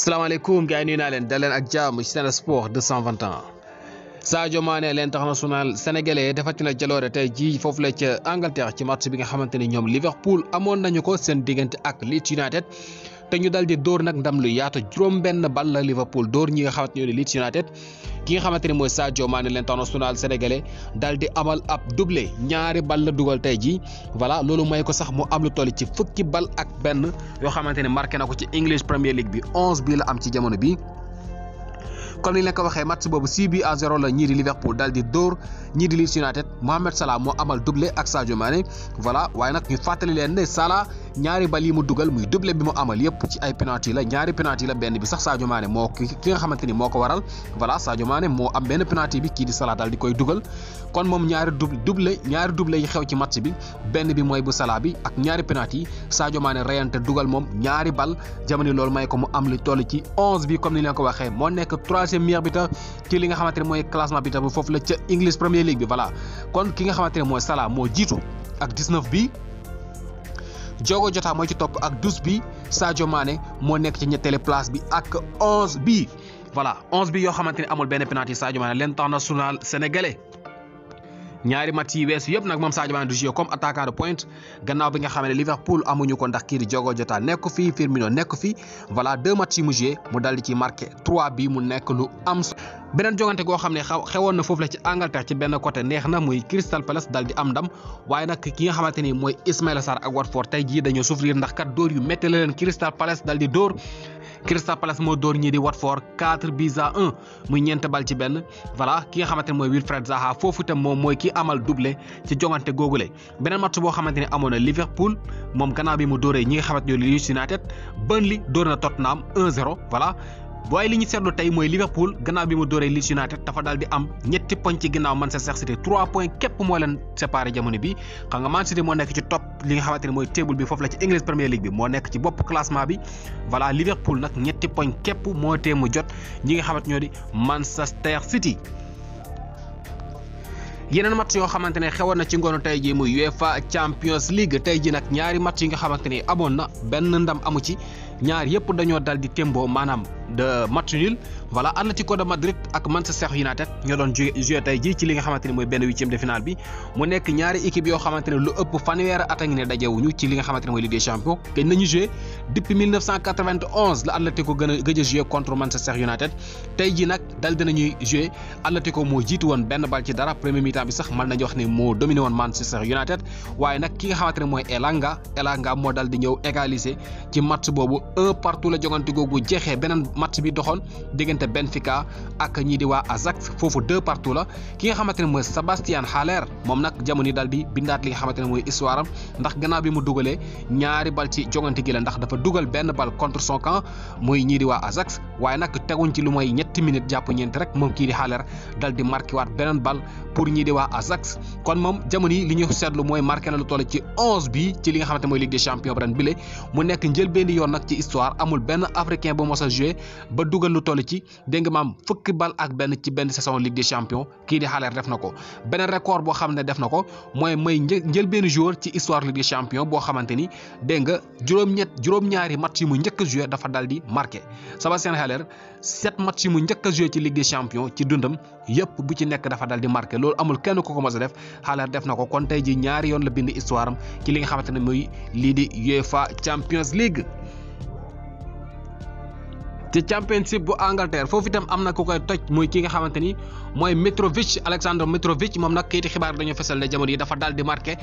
salaamaaleykum gars yi nuyu naa leen dal leen ak jàmm ci Sen Sport 221 Sadio Mané l'international sénégalais defati na jaloore tey jii foofu la ca Angleterre ci match bi nga xamante ni ñoom Liverpool amoon nañu ko seen diggante ak Leeds United te ñu dal di dóor nag ndam lu yaata juróom-benn bal la Liverpool dóor ñi nga xamante ne Leeds United. ki nga xamante ne mooy Sadio Mané l'international sénégalais daal di amal ab doublé ñaari bal la dugal tey ji voilà loolu may ko sax mu am lu toll ci fukki bal ak benn yoo xamante ne marqué na ko ci English Premier League bi 11 bi la am ci jamono bi. comme ni leen ko waxee match boobu 6 bi à 0 la ñii di Liverpool daal di dóor ñii di Leeds United Mohamed salaa moo amal doublé ak Sadio Mané waaye nag ñu fàttali leen ne Salah. ñaari bal yi mu dugal muy doublé bi mu amal yëpp ci ay penalty la ñaari penalty la benn bi sax Sadio Mané moo ki nga xamante ni moo ko waral voilà Sadio Mané moo am benn penalty bi kii di Salah daal di koy dugal kon moom ñaari doublé ñaari doublé yi xew ci match bi benn bi mooy bu Salah bi ak ñaari penalty Sadio Mané reyante dugal moom ñaari bal jamono loolu may ko mu am lu toll ci onze bi comme ni leen ko waxee moo nekk troisième meilleur buteur ci li nga xamante ne mooy classement bi tam foofu la ca English Premier League bi kon ki nga xamante ne mooy Salah moo jiitu ak 19 bi Diogo Jota moo ci topp ak douze bi Sadio Mané moo nekk ci ñetteelu place bi ak onze bi voilà onze bi yoo xamante ne amul benn leen Sadio na l'international sénégalais. ñaari mat yi weesu yëpp nag moom sa Mané du jouer comme attaquant de pointe gannaaw bi nga xam ne Liverpool amuñu ko ndax kii di Diogo Jota nekk fii Firmino nekk fii voilà deux matchs yi mu joué mu dal ci marqué trois bi mu nekk lu am. beneen jogante goo xam ne xaw xewoon na foofu la ci Angleterre ci benn côté neex na muy Crystal Palace dal di am ndam waaye nag ki nga xamante ni mooy Ismaïla Sarr ak Watford tey jii dañoo souffrir ndax kat dóor yu métti la leen Crystal Palace dal di dóor. Crystal Palace Modor Watford 4 bis à 1 muy ñent bal ci voilà ki nga Wilfred Zaha fofu tam mom moy ki doublé ci jongante gogulé match Liverpool mon bi mu nga Burnley Tottenham 1-0 voilà waaye li ñu seetlu tey mooy Liverpool gannaaw bi mu dooree Leeds United dafa daal di am ñetti poñ ci ginnaaw Manchester City trois points képp moo leen séparé jamono bi xam nga Manchester City moo nekk ci topp li nga xamante ne mooy table bi foofu la ci English Premier League bi moo nekk ci bopp classement bi voilà Liverpool nag ñetti poñ képp moo tee mu jot ñi nga xamante ñoo di Manchester City. yeneen match yoo xamante ne xewoon na ci ngoonu tey jii muy UEFA Champions League tey jii nag ñaari match yi nga xamante ne amoon na benn ndam amu ci ñaar yëpp dañoo dal di témboo maanaam. the material voilà Atlético de Madrid ak Manchester United ñoo doon joué tey jii ci li nga xamante ni mooy benn huitième de finale bi mu nekk ñaari équipe yoo xamante lu ëpp fanweeri at ngi ne dajewuñu ci li nga xamante mooy Ligue des Champions gëj nañu joué depuis 1991 la Atlético gën a gëj a Manchester United tey jii nag dal dinañuy joué Atlético moo jiit woon benn bal ci dara premier mi-temps bi sax mën nañu wax ne moo dominé Manchester United waaye nag mooy Elanga Elanga moo dal di ñëw égaliser ci match boobu un partout la jogante googu jeexee beneen match bi doxoon diggante diggante Benfica ak ñii di waa Ajax foofu deux partout la ki nga xamante ne mooy Sébastien Haller moom nag jamono yi daal di bindaat li nga xamante ne mooy histoire ndax gannaaw bi mu dugalee ñaari bal ci jongante gi la ndax dafa dugal benn bal contre son camp muy ñii di waa Ajax waaye nag teguñ ci lu mooy ñetti minutes jàpp ñeenti rek moom kii di Haller dal di marqué waat beneen bal pour ñii di waa Ajax kon moom jamono li ñu seetlu mooy marqué na lu toll ci li nga xamante mooy Ligue des champions ren bile mu nekk njëlbéen yoon nag ci histoire amul benn dégg nga maam fukki bal ak benn ci benn saison Ligue des champions kii di Haller def na ko beneen record boo xam ne def na ko mooy may njël benn joueur ci histoire Ligue des boo xamante ni dégg nga juróom-ñett juróom-ñaari match yi mu njëkk a dafa dal di marqué Sébastien Haller sept match yi mu njëkk a ci Ligue des champions ci dundam yëpp bu ci nekk dafa dal di marqué loolu amul kenn ku ko mos def Haller def na ko kon tey ji ñaari yoon la bind histoire am ci li nga xamante ne muy lii di UEFA Champions League ci championship bu Angleterre foofu itam am na ku koy toj muy ki nga xamante ni mooy Mitrovic Alexandre Mitrovic moom nag kayiti xibaar dañoo fesal jamono yi dafa daal di marqué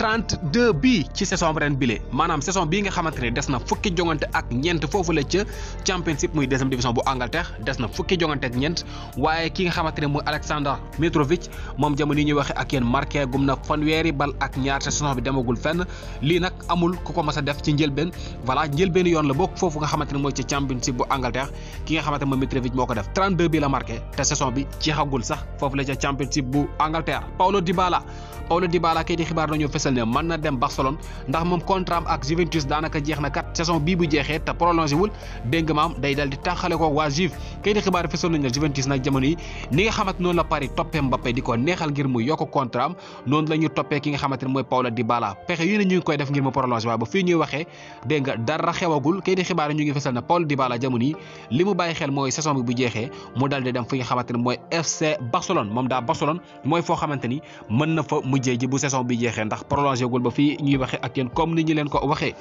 32 bii ci saison ren bile maanaam saison bii nga xamante ni des na fukki jongante ak ñeent foofu la ca championship muy deuxième division bu Angleterre des na fukki jongante ak ñeent waaye ki nga xamante ne mooy Alexandre Mitrovic moom jamono yi ñuy waxe ak yéen marke gum na fanweeri bal ak ñaar te saison bi demagul fenn lii nag amul ku ko mas a def ci njëlbeen voilà njëlbeen yoon la bokk foofu nga xamante ne mooy ci championship bu Angleterre commentaire ki nga xamante moom Mitrovic moo ko def 32 bi la marqué te saison bi jeexagul sax foofu la ca championship bu Angleterre Paulo Dybala Paulo Dybala kay di xibaar nañu fessel ne mën na dem Barcelone ndax moom contrat ak Juventus daanaka jeex na kat saison bii bu jeexee te prolongé wul dégg maam day dal di tàqale ko waa Juve kay di xibaar fessel nañ ne Juventus nag jamono yi ni nga xamante noonu la Paris toppee Mbappé di ko neexal ngir mu yokk contrat am noonu la ki nga xamante ne Paulo Dybala pexe yu ñu koy def ngir mu prolongé waaye ba fii ñuy waxee dégg dara xewagul kay di xibaar ñu ngi fessel ne Paulo Dybala jamono yi li mu bàyyi xel mooy saison bi bu jeexee mu dal di dem fi nga xamante mooy FC Barcelone moom daa Barcelone mooy foo xamante mën na fa mujjee ji bu saison bi jeexee ndax prolongé gul ba fii ñuy waxee ak yéen comme ni ñu leen ko waxee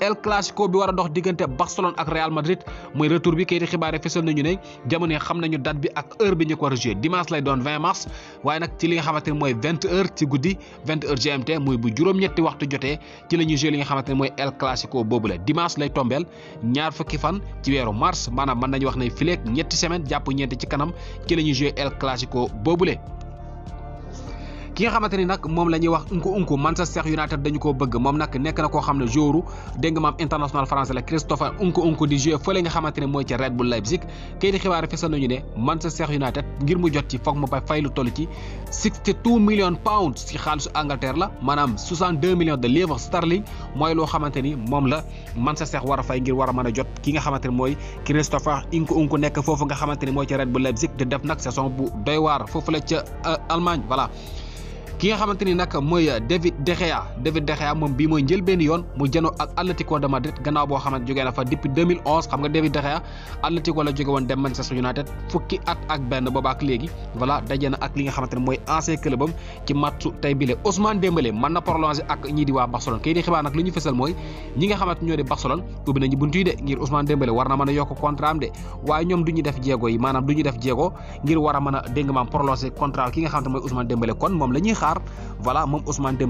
El Clasico bi war a dox diggante Barcelone ak Real Madrid muy retour bi kayiti xibaar yi fësal nañu ne jamono xam nañu date bi ak heure bi ñu war a joué lay doon 20 mars waaye nag ci li nga xamante ne mooy 20 heures ci guddi 20 heures GMT muy bu juróom-ñetti waxtu jotee ci la ñuy joué li nga xamante ne mooy El Clasico boobu la dimanche lay tombeel ñaar fukki fan ci weeru maanaam mën nañu wax ne fileeg ñetti semaine jàpp ñeenti ci kanam ci la ñuy joué El boobu boobule. ki nga xamante ni nag moom la ñuy wax Nkunku Nkunku Manchester United dañu koo bëgg moom nag nekk na ko xam ne joueur dégg nga maam international français la Christopher Nkunku Nkunku ne mooy ci Red Bull Leipzig kayit di xibaar fesal nañu ne Manchester United ngir mu jot ci foog mu bay fay lu toll ci 62 millions pounds ci xaalisu Angleterre la maanaam 62 millions de loo xamante ni moom la Manchester war a fay war a mën a jot ki nga xamante ne mooy Christopher Nkunku Nkunku nekk foofu nga xamante ne mooy ci Red bu Leipzig di def nag saison bu doy waar foofu la ca euh, Allemagne voilà ki nga xamante ni mooy David De David De moom bii mooy njëlbeen yoon mu jënoo ak Atlético de Madrid gannaaw boo xamante na fa depuis xam nga David De Gea Atlético la jóge woon dem Manchester United fukki at ak benn boobaak léegi voilà daje na ak li nga xamante ne mooy ancien club ci matchu tey bile Ousmane Dembélé mën na prolonger ak ñii di waa Barcelone kii di nag li ñu fësal mooy ñi nga xamante ñoo di Barcelone ubbi nañu buntu a yokk contrat am de waaye ñoom du xaar voilà moom Ousmane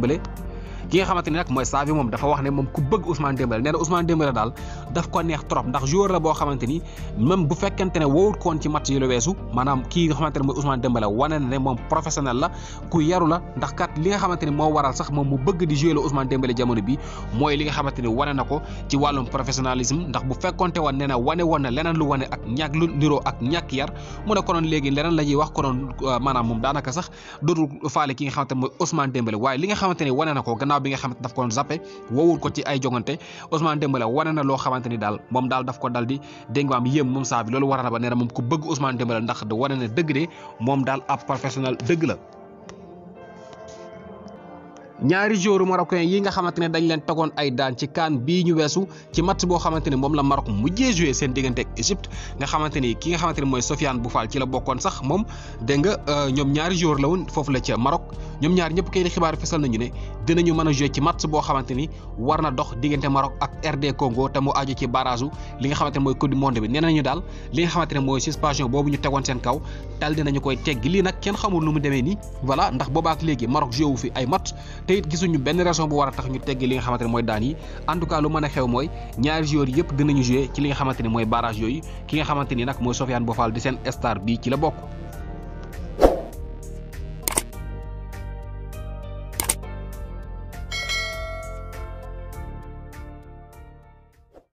ki nga xamanteni nak moy savi mom dafa wax ne mom ku bëgg Ousmane Dembélé nee Ousmane Dembélé dal daf ko neex trop ndax joueur la bo xamanteni même bu fekkente ne ko koon ci match yi la wessu manam ki nga xamanteni moy Ousmane Dembélé wane ne mom professionnel la ku yaru la ndax kat li nga xamanteni mo waral sax mom mu bëgg di jouer le Ousmane Dembélé jamono bi moy li nga xamanteni wane nako ci walum professionnalisme ndax bu fekkonte won nee na wane won na lenen lu wane ak ñak lu niro ak ñak yar mu ne ko non légui lenen lañuy wax ko non manam mom danaka sax dodul faale ki nga xamanteni moy Ousmane Dembélé way li nga xamanteni wane nako ko gannaaw bi nga xam xamante daf koon zappe woowul ko ci ay jongante Ousmane Dembélé wane na loo xamante ni daal moom daal daf ko dal di dégg am yéem moom saa bi loolu war na ba nee na moom ku bëgg Ousmane Dembélé ndax wane na dëgg de moom daal ab professionnel dëgg la ñaari joueur marocain yi nga xamante ne dañ leen tegoon ay daan ci kaan bii ñu weesu ci match boo xamante ne moom la Maroc mujjee joué seen diggante ak Égypte nga xamante ni ki nga xamante ne mooy Sofiane Boufal ci la bokkoon sax moom dégg nga euh, ñoom ñaari joueur la woon foofu la ca Maroc ñoom ñaar ñëpp kay di xibaar fesal nañu ne dinañu mën a joué ci match boo xamante ni war na dox diggante Maroc ak RD Congo te mu aju ci barrage li nga xamante mooy coupe du monde bi nee nañu daal li nga xamante ne mooy suspension boobu ñu tegoon seen kaw dal dinañu koy teggi lii nag kenn xamul nu mu demee nii voilà ndax boobaak léegi Maroc joué wu fi ay match te gisuñu benn raison bu war a tax ñu teggi li nga xamante ne mooy daan yi en mën a xew mooy ñaari joueurs yëpp dinañu jouer ci li nga xamante ne mooy barrage yooyu ki nga xamante ni nag mooy Sofiane Bofal di seen star bi ci la bokk